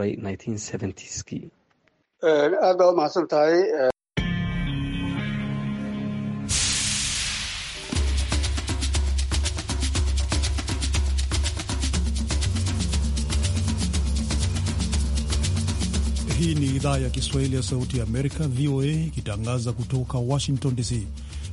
aad baa umahadsan tahay hii ni idhaa ya kiswahili ya sauti ya amerika voa ikitangaza kutoka washington dc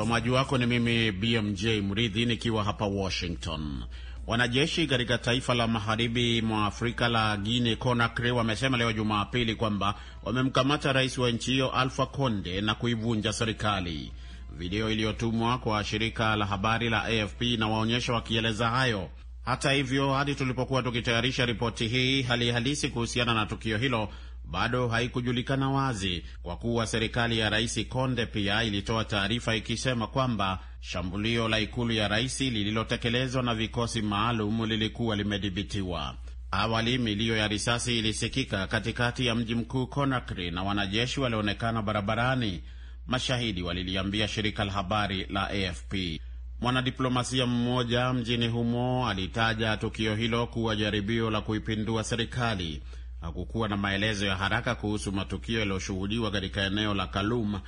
Msomaji wako ni mimi BMJ Mridhi nikiwa hapa Washington. Wanajeshi katika taifa la magharibi mwa Afrika la guine Conakry wamesema leo Jumapili kwamba wamemkamata rais wa nchi hiyo Alfa Conde na kuivunja serikali. Video iliyotumwa kwa shirika la habari la AFP inawaonyesha wakieleza hayo. Hata hivyo, hadi tulipokuwa tukitayarisha ripoti hii, hali halisi kuhusiana na tukio hilo bado haikujulikana wazi, kwa kuwa serikali ya Rais Konde pia ilitoa taarifa ikisema kwamba shambulio la ikulu ya rais lililotekelezwa na vikosi maalum lilikuwa limedhibitiwa. Awali milio ya risasi ilisikika katikati ya mji mkuu Conakry na wanajeshi walionekana barabarani, mashahidi waliliambia shirika la habari la AFP. Mwanadiplomasia mmoja mjini humo alitaja tukio hilo kuwa jaribio la kuipindua serikali hakukuwa na maelezo ya haraka kuhusu matukio yaliyoshuhudiwa katika eneo la Kalum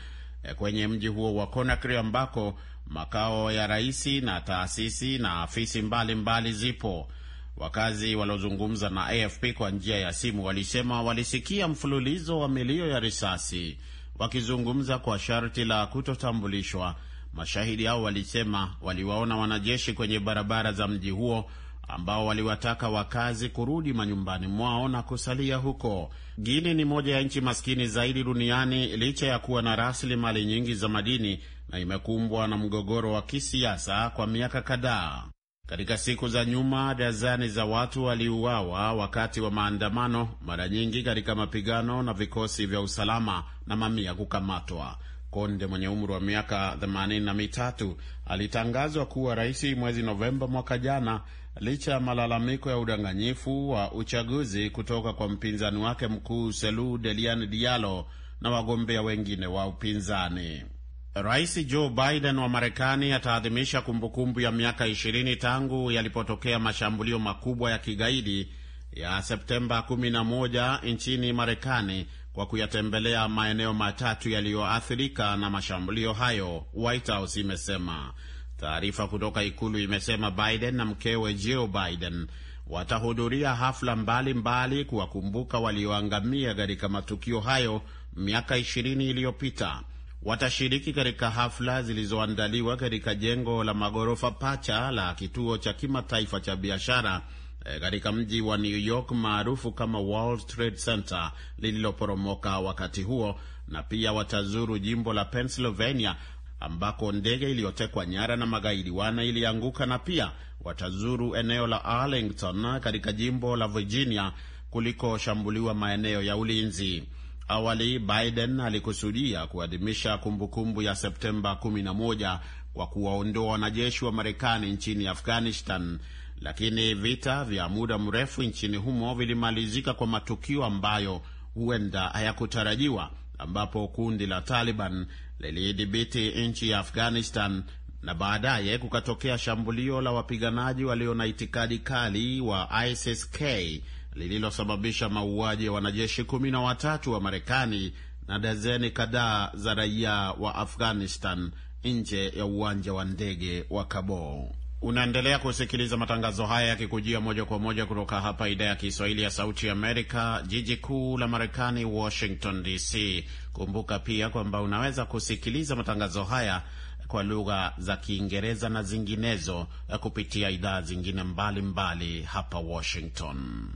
eh, kwenye mji huo wa Conakry ambako makao ya rais na taasisi na afisi mbalimbali mbali zipo. Wakazi waliozungumza na AFP kwa njia ya simu walisema walisikia mfululizo wa milio ya risasi wakizungumza kwa sharti la kutotambulishwa. Mashahidi hao walisema waliwaona wanajeshi kwenye barabara za mji huo ambao waliwataka wakazi kurudi manyumbani mwao na kusalia huko. Guinea ni moja ya nchi maskini zaidi duniani licha ya kuwa na rasilimali nyingi za madini na imekumbwa na mgogoro wa kisiasa kwa miaka kadhaa. Katika siku za nyuma, dazani za watu waliuawa wakati wa maandamano, mara nyingi katika mapigano na vikosi vya usalama na mamia kukamatwa. Konde mwenye umri wa miaka themanini na mitatu alitangazwa kuwa rais mwezi Novemba mwaka jana licha ya malalamiko ya udanganyifu wa uchaguzi kutoka kwa mpinzani wake mkuu Selu Delian dialo na wagombea wengine wa upinzani. Rais Joe Biden wa Marekani ataadhimisha kumbukumbu ya miaka 20 tangu yalipotokea mashambulio makubwa ya kigaidi ya Septemba 11 nchini Marekani kwa kuyatembelea maeneo matatu yaliyoathirika na mashambulio hayo, White House imesema. Taarifa kutoka ikulu imesema Biden na mkewe Jill Biden watahudhuria hafla mbalimbali kuwakumbuka walioangamia katika matukio hayo miaka ishirini iliyopita. Watashiriki katika hafla zilizoandaliwa katika jengo la maghorofa pacha la kituo cha kimataifa cha biashara eh, katika mji wa New York maarufu kama World Trade Center lililoporomoka wakati huo, na pia watazuru jimbo la Pennsylvania ambako ndege iliyotekwa nyara na magaidi wana ilianguka na pia watazuru eneo la Arlington katika jimbo la Virginia kulikoshambuliwa maeneo ya ulinzi. Awali Biden alikusudia kuadhimisha kumbukumbu ya Septemba 11 kwa kuwaondoa wanajeshi wa Marekani nchini Afghanistan, lakini vita vya muda mrefu nchini humo vilimalizika kwa matukio ambayo huenda hayakutarajiwa ambapo kundi la Taliban liliidhibiti nchi ya Afghanistan na baadaye kukatokea shambulio la wapiganaji walio na itikadi kali wa ISIS K lililosababisha mauaji ya wanajeshi kumi na watatu wa Marekani na dazeni kadhaa za raia wa Afghanistan nje ya uwanja wa ndege wa Kabul. Unaendelea kusikiliza matangazo haya yakikujia moja kwa moja kutoka hapa idhaa ya Kiswahili ya Sauti Amerika, jiji kuu la Marekani, Washington DC. Kumbuka pia kwamba unaweza kusikiliza matangazo haya kwa lugha za Kiingereza na zinginezo eh, kupitia idhaa zingine mbalimbali mbali hapa Washington.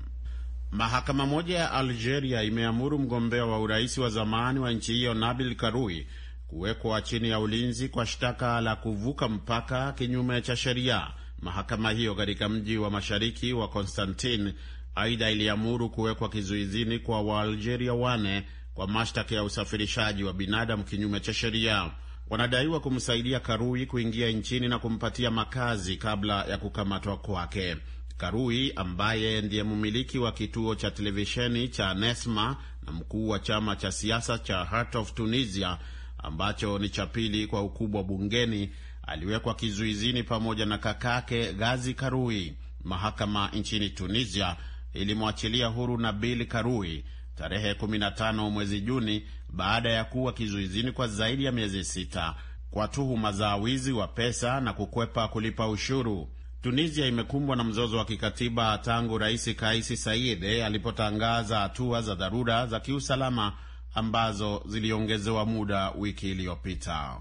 Mahakama moja ya Algeria imeamuru mgombea wa urais wa zamani wa nchi hiyo Nabil Karoui kuwekwa chini ya ulinzi kwa shtaka la kuvuka mpaka kinyume cha sheria. Mahakama hiyo katika mji wa mashariki wa Konstantin aidha iliamuru kuwekwa kizuizini kwa Waalgeria wane kwa mashtaka ya usafirishaji wa binadamu kinyume cha sheria. Wanadaiwa kumsaidia Karui kuingia nchini na kumpatia makazi kabla ya kukamatwa kwake. Karui ambaye ndiye mmiliki wa kituo cha televisheni cha Nesma na mkuu wa chama cha siasa cha Heart of Tunisia ambacho ni cha pili kwa ukubwa bungeni, aliwekwa kizuizini pamoja na kakake Gazi Karui. Mahakama nchini Tunisia ilimwachilia huru Nabil Karui tarehe 15 mwezi Juni baada ya kuwa kizuizini kwa zaidi ya miezi sita kwa tuhuma za wizi wa pesa na kukwepa kulipa ushuru. Tunisia imekumbwa na mzozo wa kikatiba tangu Rais Kaisi Saied alipotangaza hatua za dharura za kiusalama ambazo ziliongezewa muda wiki iliyopita.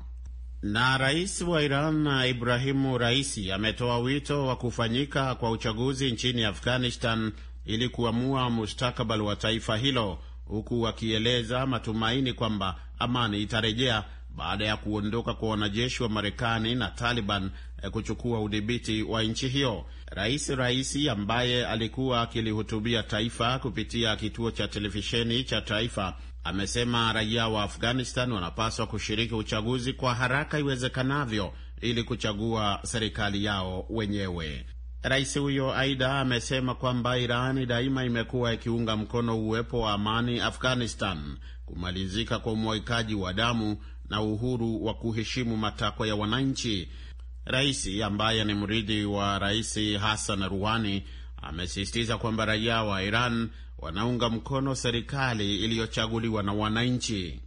Na rais wa Iran Ibrahimu Raisi ametoa wito wa kufanyika kwa uchaguzi nchini Afghanistan ili kuamua mustakabali wa taifa hilo huku wakieleza matumaini kwamba amani itarejea baada ya kuondoka kwa wanajeshi wa Marekani na Taliban eh, kuchukua udhibiti wa nchi hiyo. Rais Raisi ambaye alikuwa akilihutubia taifa kupitia kituo cha televisheni cha taifa amesema raia wa Afghanistan wanapaswa kushiriki uchaguzi kwa haraka iwezekanavyo ili kuchagua serikali yao wenyewe. Rais huyo aidha amesema kwamba Irani daima imekuwa ikiunga mkono uwepo wa amani Afghanistan, kumalizika kwa umwagikaji wa damu na uhuru wa kuheshimu matakwa ya wananchi. Rais ambaye ni mrithi wa Rais Hassan Rouhani amesisitiza kwamba raia wa Iran wanaunga mkono serikali iliyochaguliwa na wananchi.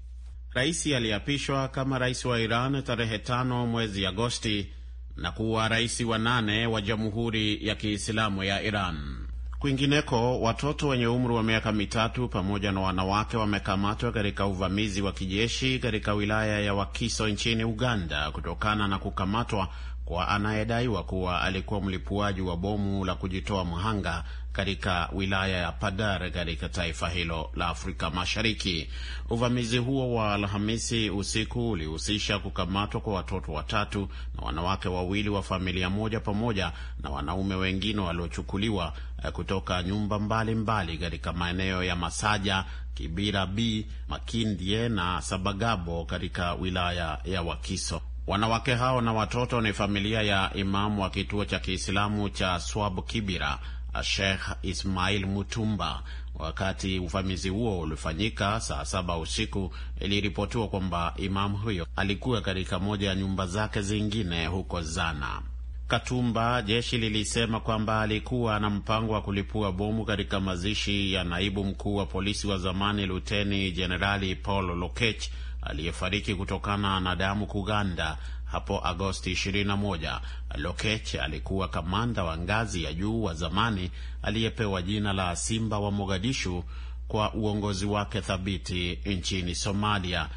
Raisi aliapishwa kama rais wa Iran tarehe tano mwezi Agosti na kuwa rais wa nane wa Jamhuri ya Kiislamu ya Iran. Kwingineko, watoto wenye umri wa miaka mitatu pamoja na wanawake wamekamatwa katika uvamizi wa kijeshi katika wilaya ya Wakiso nchini Uganda kutokana na kukamatwa kwa anayedaiwa kuwa alikuwa mlipuaji wa bomu la kujitoa mhanga katika wilaya ya Padar katika taifa hilo la Afrika Mashariki. Uvamizi huo wa Alhamisi usiku ulihusisha kukamatwa kwa watoto watatu na wanawake wawili wa familia moja pamoja na wanaume wengine waliochukuliwa eh, kutoka nyumba mbalimbali katika mbali maeneo ya Masaja, Kibira B, Makindye na Sabagabo katika wilaya ya Wakiso. Wanawake hao na watoto ni familia ya imamu wa kituo cha Kiislamu cha Swab Kibira, Sheikh Ismail Mutumba. Wakati uvamizi huo ulifanyika saa saba usiku, iliripotiwa kwamba imamu huyo alikuwa katika moja ya nyumba zake zingine huko Zana Katumba. Jeshi lilisema kwamba alikuwa na mpango wa kulipua bomu katika mazishi ya naibu mkuu wa polisi wa zamani Luteni Jenerali Paul Lokech aliyefariki kutokana na damu kuganda hapo Agosti 21. Lokech alikuwa kamanda wa ngazi ya juu wa zamani aliyepewa jina la Simba wa Mogadishu kwa uongozi wake thabiti nchini Somalia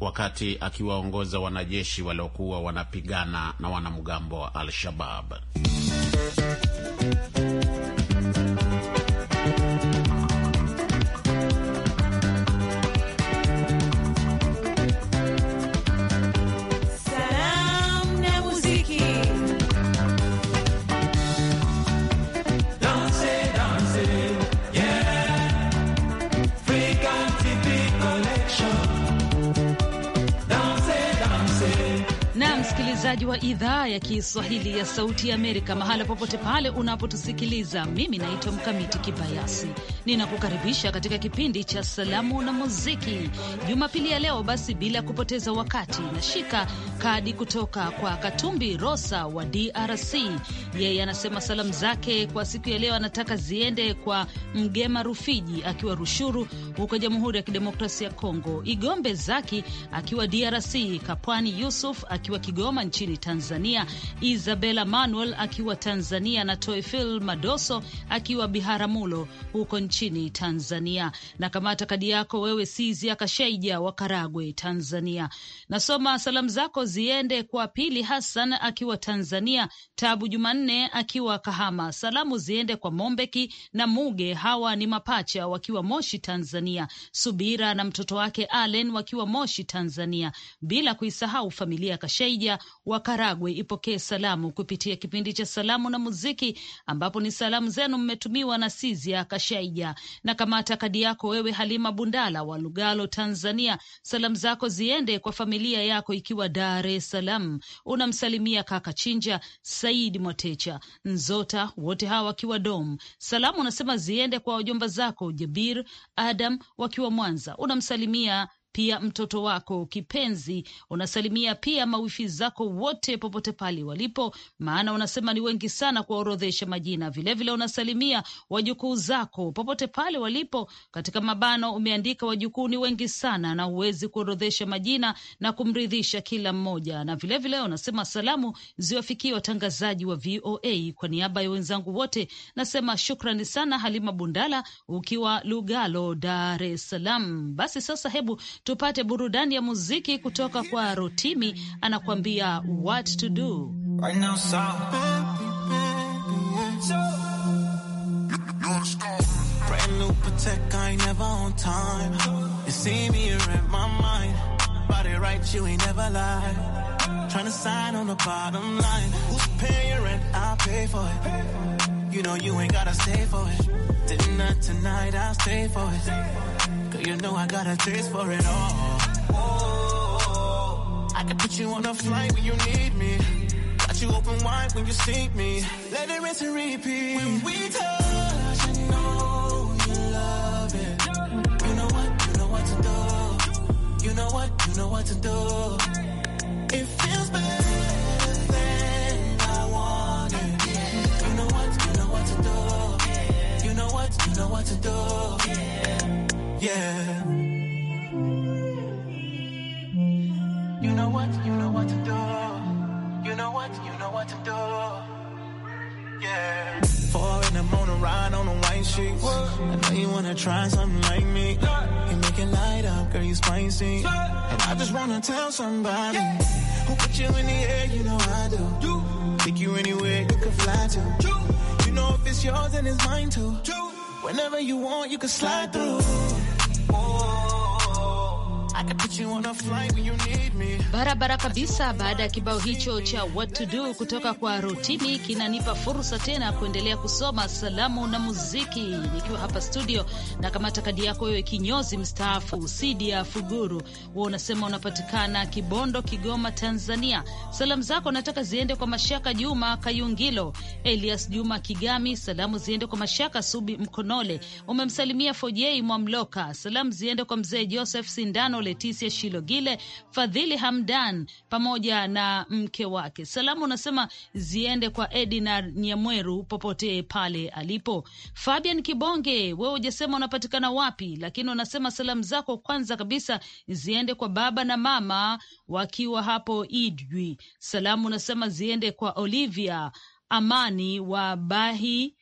wakati akiwaongoza wanajeshi waliokuwa wanapigana na wanamgambo wa Al-Shabab. msikilizaji wa idhaa ya Kiswahili ya Sauti ya Amerika, mahala popote pale unapotusikiliza. Mimi naitwa Mkamiti Kibayasi, ninakukaribisha katika kipindi cha Salamu na Muziki Jumapili ya leo. Basi bila kupoteza wakati, nashika kadi kutoka kwa Katumbi Rosa wa DRC. Yeye anasema salamu zake kwa siku ya leo anataka ziende kwa Mgema Rufiji akiwa Rushuru huko Jamhuri ya Kidemokrasia ya Kongo, Igombe Zaki akiwa DRC, Kapwani Yusuf akiwa Kigoma nchi nchini Tanzania, Isabella Manuel akiwa Tanzania na Toyfil Madoso akiwa Biharamulo huko nchini Tanzania. Na kamata kadi yako wewe, Sizi Kashaija wa Karagwe, Tanzania. Nasoma salamu zako ziende kwa Pili Hassan akiwa Tanzania, Tabu Jumanne akiwa Kahama. Salamu ziende kwa Mombeki na Muge, hawa ni mapacha wakiwa Moshi Tanzania, Subira na mtoto wake Allen wakiwa Moshi Tanzania, bila kuisahau familia Kashaija wa Karagwe ipokee salamu kupitia kipindi cha salamu na muziki, ambapo ni salamu zenu mmetumiwa na Sizia Kashaija na kamata kadi yako wewe, Halima Bundala wa Lugalo, Tanzania. Salamu zako ziende kwa familia yako ikiwa Dar es Salaam, unamsalimia kaka Chinja, Saidi mwatecha Nzota, wote hawa wakiwa Dom. Salamu unasema ziende kwa wajomba zako Jabir Adam wakiwa Mwanza, unamsalimia pia mtoto wako kipenzi. Unasalimia pia mawifi zako wote popote pale walipo, maana unasema ni wengi sana kuwaorodhesha majina. Vilevile vile unasalimia wajukuu zako popote pale walipo. Katika mabano umeandika wajukuu ni wengi sana, na huwezi kuorodhesha majina na kumridhisha kila mmoja. Na vilevile vile unasema salamu ziwafikie watangazaji wa VOA. Kwa niaba ya wenzangu wote nasema shukrani sana, Halima Bundala ukiwa Lugalo, Dar es Salaam. Basi sasa hebu tupate burudani ya muziki kutoka kwa Rotimi, anakuambia what to do I sign on the bottom line. Who's paying rent? I'll pay for it. You know you ain't gotta stay for it. Dinner tonight, I'll stay for it. You know I got a taste for it all. Oh, I can put you on a flight when you need me. Got you open wide when you see me. Let it rinse and repeat. When we touch, I know you love it. You know what, you know what to do. You know what, you know what to do. It feels better than I wanted. You know what, you know what to do. You know what, you know what to do yeah. You know what, you know what to do. You know what, you know what to do. Yeah. Four in the morning, ride on the white sheets. I know you wanna try something like me. You make it light up, girl, you spicy. And I just wanna tell somebody who put you in the air, you know I do. You take you anywhere you can fly to. You know if it's yours, and it's mine too. Whenever you want, you can slide through. barabara kabisa. Baada ya kibao hicho cha what to do kutoka kwa Rotimi, kinanipa fursa tena kuendelea kusoma salamu na muziki nikiwa hapa studio. Na kamata kadi yako wewe, kinyozi mstaafu Sidia Fuguru, wewe unasema unapatikana Kibondo, Kigoma, Tanzania. Salamu zako nataka ziende kwa Mashaka Juma Kayungilo, Elias Juma Kigami. Salamu ziende kwa Mashaka Subi Mkonole, umemsalimia Fojei Mwamloka. Salamu ziende kwa mzee Joseph Sindano Leticia Shilogile, Fadhili Hamdan pamoja na mke wake. Salamu unasema ziende kwa Edinar Nyamweru popote pale alipo. Fabian Kibonge, wewe ujasema unapatikana wapi, lakini unasema salamu zako kwanza kabisa ziende kwa baba na mama wakiwa hapo Idwi. Salamu unasema ziende kwa Olivia Amani wa Bahi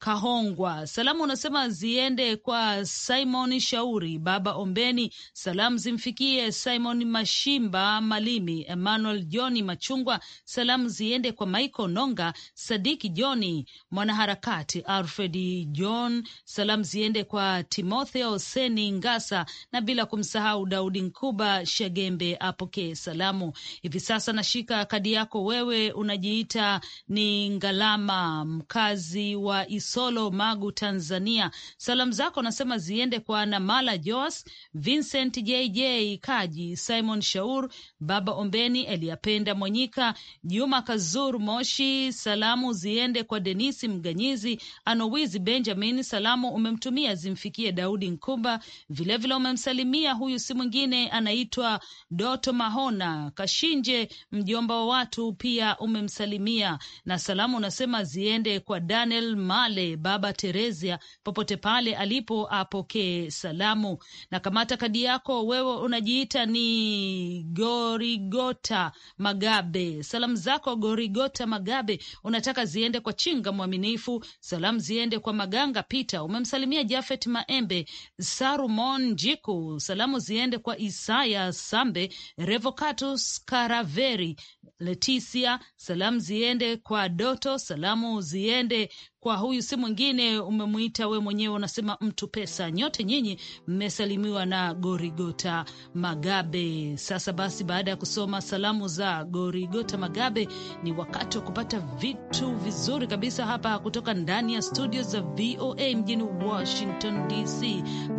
Kahongwa. Salamu unasema ziende kwa Simon Shauri, Baba Ombeni. Salamu zimfikie Simon Mashimba Malimi, Emmanuel Johni Machungwa. Salamu ziende kwa Michael Nonga, Sadiki Johni mwanaharakati, Alfred John. Salamu ziende kwa Timotheo Seni Ngasa, na bila kumsahau Daudi Nkuba Shagembe apokee salamu. Hivi sasa nashika kadi yako wewe, unajiita ni Ngalama, mkazi wa Isu Kisolo Magu, Tanzania. Salamu zako anasema ziende kwa Namala Jos, Vincent JJ Kaji, Simon Shaur, Baba Ombeni, Eliapenda Mwanyika, Juma Kazur Moshi. Salamu ziende kwa Denisi Mganyizi, Anowizi Benjamin. Salamu umemtumia zimfikie Daudi Nkumba, vilevile umemsalimia huyu si mwingine anaitwa Doto Mahona Kashinje, mjomba wa watu, pia umemsalimia na salamu unasema ziende kwa Daniel Mali pale Baba Teresia popote pale alipo apokee salamu. Na kamata kadi yako wewe, unajiita ni Gorigota Magabe. Salamu zako Gorigota Magabe unataka ziende kwa Chinga Mwaminifu, salamu ziende kwa Maganga Pita, umemsalimia Jafet Maembe, Sarumon Jiku, salamu ziende kwa Isaya Sambe, Revocatus Karaveri, Letisia, salamu ziende kwa Doto, salamu ziende kwa huyu si mwingine umemwita we mwenyewe unasema mtu pesa. Nyote nyinyi mmesalimiwa na Gorigota Magabe. Sasa basi, baada ya kusoma salamu za Gorigota Magabe, ni wakati wa kupata vitu vizuri kabisa hapa kutoka ndani ya studio za VOA mjini Washington DC,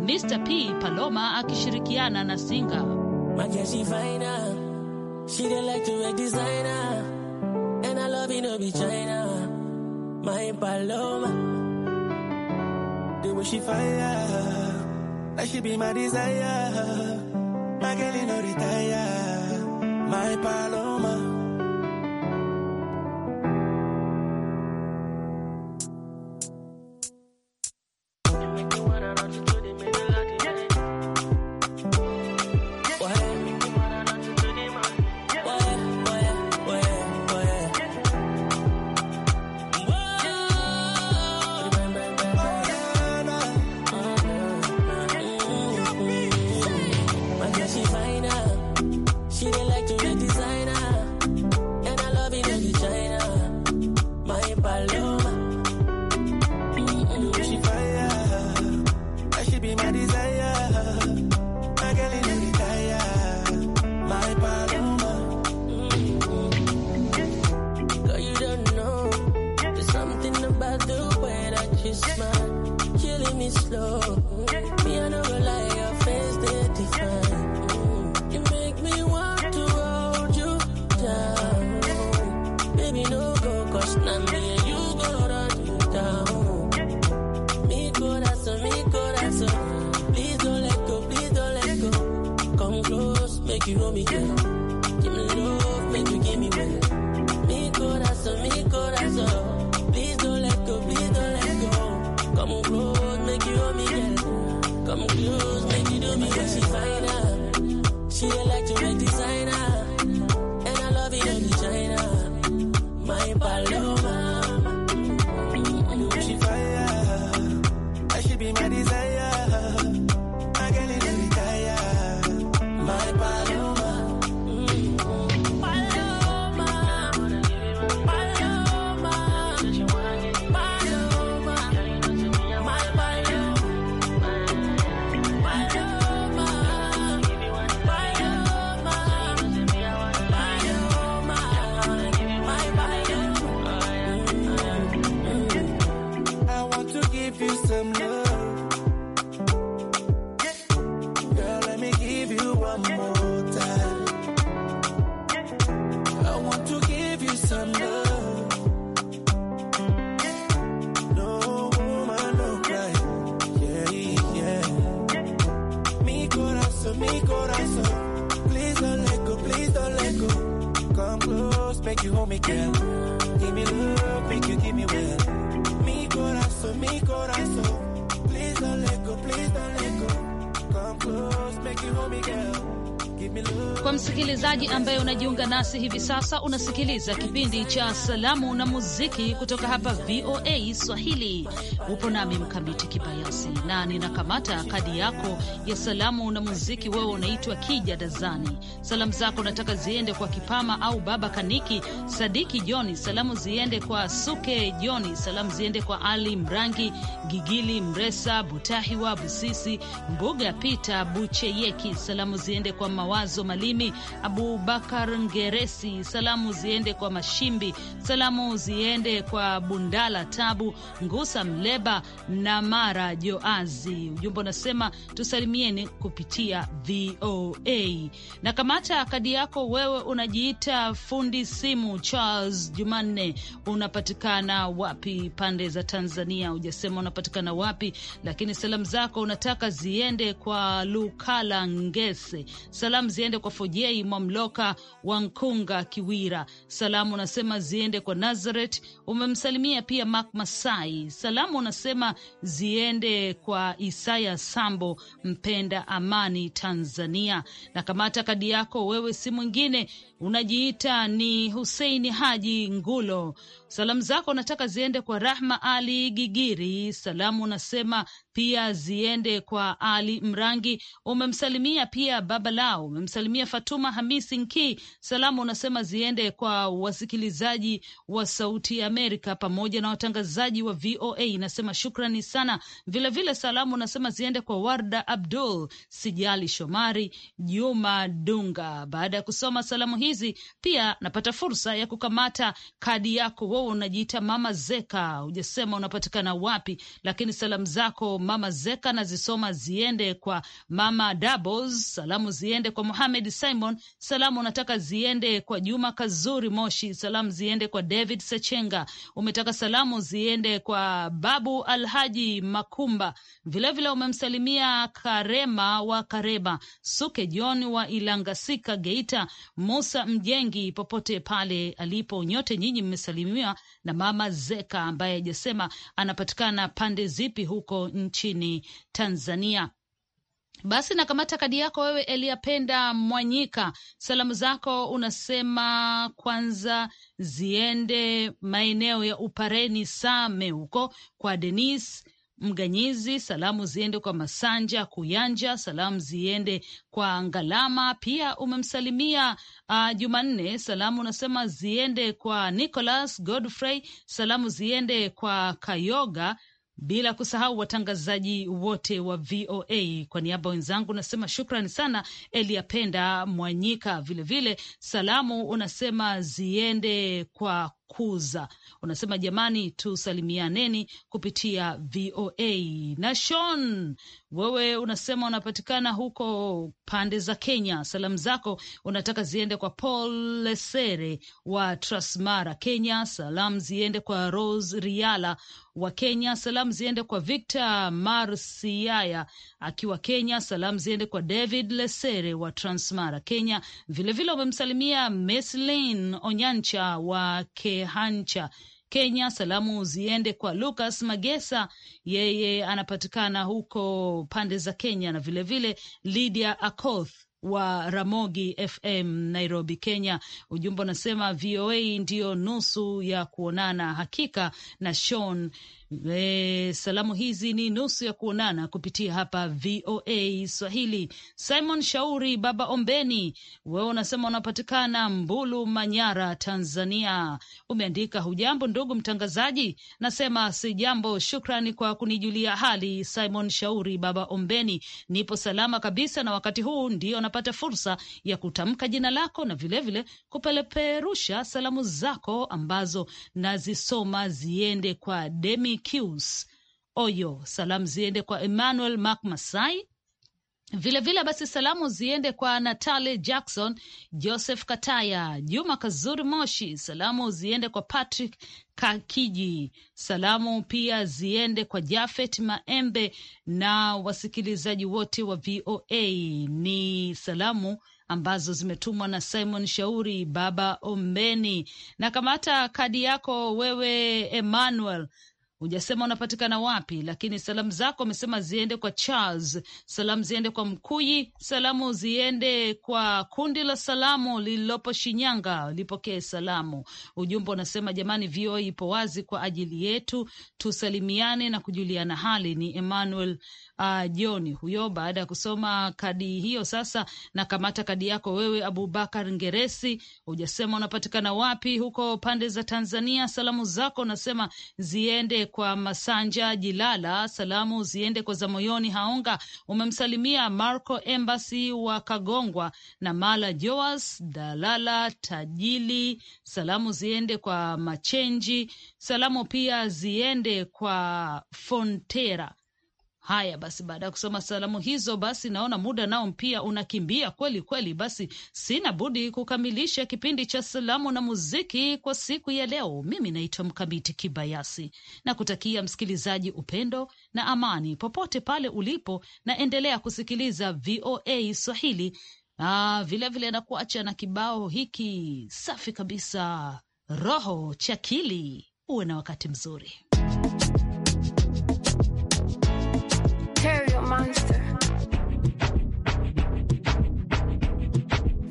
Mr P Paloma akishirikiana na Singa China. my paloma. The way she fire, that should be my desire. My girl, you know, retire, my paloma. you. basi hivi sasa unasikiliza kipindi cha salamu na muziki kutoka hapa VOA Swahili. Upo nami Mkamiti Kibayasi na ninakamata kadi yako ya salamu na muziki. Wewe unaitwa Kija Dazani. Salamu zako nataka ziende kwa Kipama au Baba Kaniki Sadiki Joni. Salamu ziende kwa Suke Joni. Salamu ziende kwa Ali Mrangi Gigili Mresa Butahiwa Busisi Mbuga Pita Bucheyeki. Salamu ziende kwa Mawazo Malimi Abubakar Ngeresi. Salamu ziende kwa Mashimbi. Salamu ziende kwa Bundala Tabu Ngusa Mle Reba na Mara Joazi. Ujumbe unasema tusalimieni kupitia VOA. Na kamata kadi yako wewe, unajiita fundi simu Charles Jumanne, unapatikana wapi? Pande za Tanzania, ujasema unapatikana wapi, lakini salamu zako unataka ziende kwa Lukala Ngese, salamu ziende kwa Fojei Mwamloka nkunga Kiwira, salamu unasema ziende kwa Nazareth, umemsalimia pia Mak Masai, salamu unasema ziende kwa Isaya Sambo, mpenda amani Tanzania. Na kamata kadi yako wewe, si mwingine unajiita ni Huseini Haji Ngulo. Salamu zako nataka ziende kwa Rahma Ali Gigiri. Salamu unasema pia ziende kwa Ali Mrangi, umemsalimia pia baba lao, umemsalimia Fatuma Hamisi Nki. Salamu unasema ziende kwa wasikilizaji wa Sauti ya Amerika pamoja na watangazaji wa VOA na anasema shukrani sana. Vilevile vile salamu anasema ziende kwa Warda Abdul, Sijali Shomari, Juma Dunga. Baada ya kusoma salamu hizi, pia napata fursa ya kukamata kadi yako. Wewe unajiita Mama Zeka, hujasema unapatikana wapi, lakini salamu zako Mama Zeka nazisoma ziende kwa Mama Doubles, salamu ziende kwa Muhamed Simon, salamu unataka ziende kwa Juma Kazuri Moshi, salamu ziende kwa David Sechenga, umetaka salamu ziende kwa baba Rajabu Alhaji Makumba vilevile umemsalimia Karema wa Kareba, Suke John wa Ilangasika Geita, Musa Mjengi popote pale alipo. Nyote nyinyi mmesalimiwa na Mama Zeka ambaye hajasema anapatikana pande zipi huko nchini Tanzania. Basi nakamata kadi yako wewe, Eliapenda Mwanyika. Salamu zako unasema kwanza ziende maeneo ya Upareni Same huko kwa Denis Mganyizi. Salamu ziende kwa Masanja Kuyanja. Salamu ziende kwa Ngalama. Pia umemsalimia uh, Jumanne. Salamu unasema ziende kwa Nicolas Godfrey. Salamu ziende kwa Kayoga bila kusahau watangazaji wote wa VOA. Kwa niaba wenzangu nasema shukrani sana Elia Penda Mwanyika. Vilevile salamu unasema ziende kwa kuza unasema jamani, tusalimianeni kupitia VOA. Na Shon, wewe unasema unapatikana huko pande za Kenya. Salamu zako unataka ziende kwa Paul Lesere wa Trasmara, Kenya. Salamu ziende kwa Rose Riala wa Kenya. Salamu ziende kwa Victor Marsiaya akiwa Kenya. Salamu ziende kwa David Lesere wa Transmara, Kenya. Vilevile wamemsalimia Meslin Onyancha wa Kehancha, Kenya. Salamu ziende kwa Lucas Magesa, yeye anapatikana huko pande za Kenya, na vilevile Lydia Akoth wa Ramogi FM Nairobi, Kenya. Ujumbe unasema VOA ndiyo nusu ya kuonana hakika na Sean E, salamu hizi ni nusu ya kuonana kupitia hapa VOA Swahili. Simon Shauri, Baba Ombeni, wewe unasema unapatikana Mbulu, Manyara, Tanzania. Umeandika hujambo ndugu mtangazaji. Nasema si jambo, shukrani kwa kunijulia hali. Simon Shauri, Baba Ombeni, nipo salama kabisa, na wakati huu ndio napata fursa ya kutamka jina lako na vilevile kupeleperusha salamu zako ambazo nazisoma ziende kwa Demi Marcus Oyo. Salamu ziende kwa Emmanuel Mac Masai. Vilevile vile basi salamu ziende kwa Natale Jackson, Joseph Kataya, Juma Kazuri Moshi. Salamu ziende kwa Patrick Kakiji. Salamu pia ziende kwa Jafet Maembe na wasikilizaji wote wa VOA. Ni salamu ambazo zimetumwa na Simon Shauri, Baba Ombeni na kamata kadi yako wewe Emmanuel hujasema unapatikana wapi, lakini salamu zako amesema ziende kwa Charles, salamu ziende kwa Mkuyi, salamu ziende kwa kundi la salamu lililopo Shinyanga, lipokee salamu. Ujumbe unasema jamani, VOA ipo wazi kwa ajili yetu, tusalimiane na kujuliana hali. Ni Emmanuel uh, ah, John huyo, baada ya kusoma kadi hiyo, sasa nakamata kadi yako wewe, Abubakar Ngeresi. Hujasema unapatikana wapi huko pande za Tanzania. Salamu zako unasema ziende kwa Masanja Jilala, salamu ziende kwa Zamoyoni Haonga, umemsalimia Marco Embassy wa Kagongwa na Mala Joas Dalala Tajili, salamu ziende kwa Machenji, salamu pia ziende kwa Fontera Haya basi, baada ya kusoma salamu hizo, basi naona muda nao pia unakimbia kweli kweli. Basi sina budi kukamilisha kipindi cha salamu na muziki kwa siku ya leo. Mimi naitwa Mkamiti Kibayasi na kutakia msikilizaji upendo na amani popote pale ulipo, na endelea kusikiliza VOA Swahili. Ah, vilevile nakuacha na kibao hiki safi kabisa, roho chakili. Uwe na wakati mzuri. monster.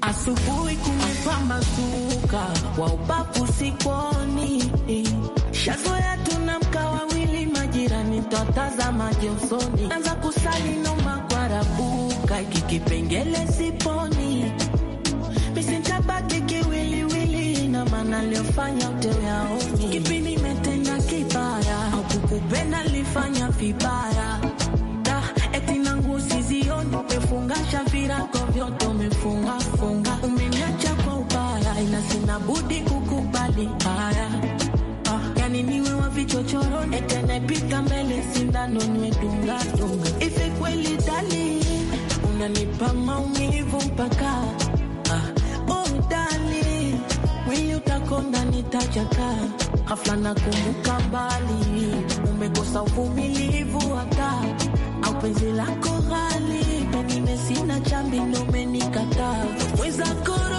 Asubuhi kumekwa mazuka wa ubavu sikoni, shazoea tunamka wawili majirani, twatazama josoni, anza kusali noma kwarabuka, kikipengele siponi, misintabaki kiwiliwili na maana aliyofanya uteweaoni sina budi kukubali haya. Ah, yani niwe wa vichochoro etenepita mbele sindano nwe dunga dunga. Ife kweli dali unanipa maumivu mpaka ah, oh dali mwili utakonda nitachaka hafla na kumbuka bali umekosa uvumilivu hata au penzi lako ghali penine sina chambi ndo umenikataa mwezakoro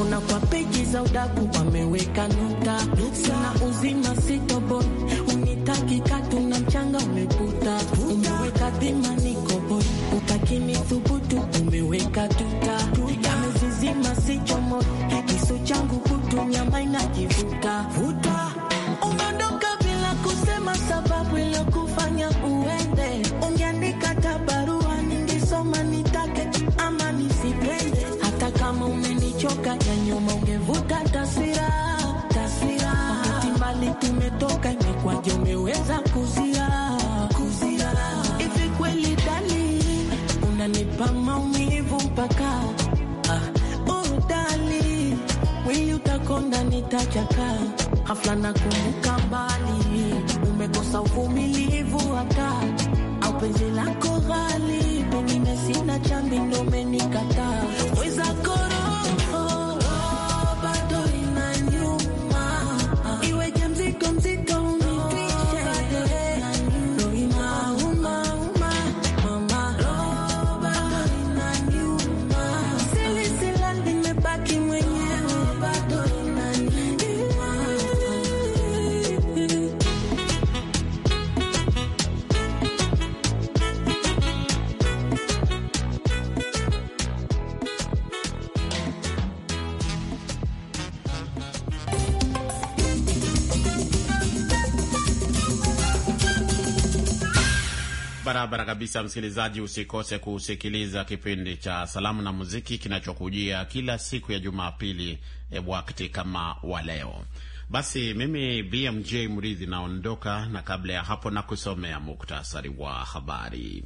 ona kwa peji za udaku wameweka nuta, sina uzima sitoboi, unitaki katu na mchanga umeputa umeweka dhima nikoboi utakini tu pa maumivu mpaka urudali ah, mwili utakonda nitachaka hafla na kumbuka mbali umekosa uvumilivu hata au penzi lako ghali kabisa, msikilizaji, usikose kusikiliza kipindi cha salamu na muziki kinachokujia kila siku ya Jumapili eh, wakati kama wa leo. Basi mimi BMJ Mridhi naondoka, na kabla ya hapo na kusomea muktasari wa habari.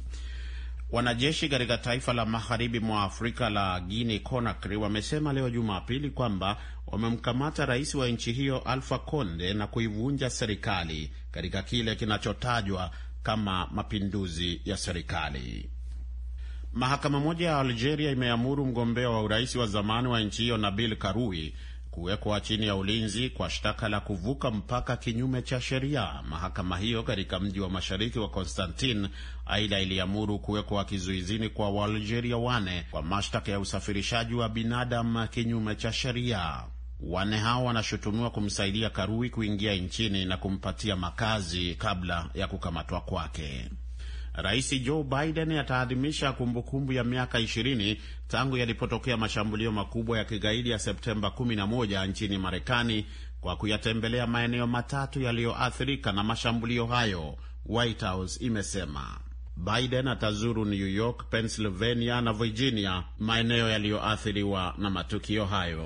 Wanajeshi katika taifa la magharibi mwa Afrika la Guini Conakry wamesema leo Jumapili kwamba wamemkamata rais wa nchi hiyo Alfa Conde na kuivunja serikali katika kile kinachotajwa kama mapinduzi ya serikali. Mahakama moja ya Algeria imeamuru mgombea wa urais wa zamani wa nchi hiyo Nabil karui kuwekwa chini ya ulinzi kwa shtaka la kuvuka mpaka kinyume cha sheria. Mahakama hiyo katika mji wa mashariki wa Konstantin aidha iliamuru kuwekwa kizuizini kwa Waalgeria wane kwa mashtaka ya usafirishaji wa binadamu kinyume cha sheria. Wanne hao wanashutumiwa kumsaidia Karui kuingia nchini na kumpatia makazi kabla ya kukamatwa kwake. Rais Joe Biden ataadhimisha kumbukumbu ya miaka 20 tangu yalipotokea mashambulio makubwa ya kigaidi ya Septemba 11 nchini Marekani kwa kuyatembelea maeneo matatu yaliyoathirika na mashambulio hayo, White House imesema. Biden atazuru New York, Pennsylvania na Virginia, maeneo yaliyoathiriwa na matukio hayo.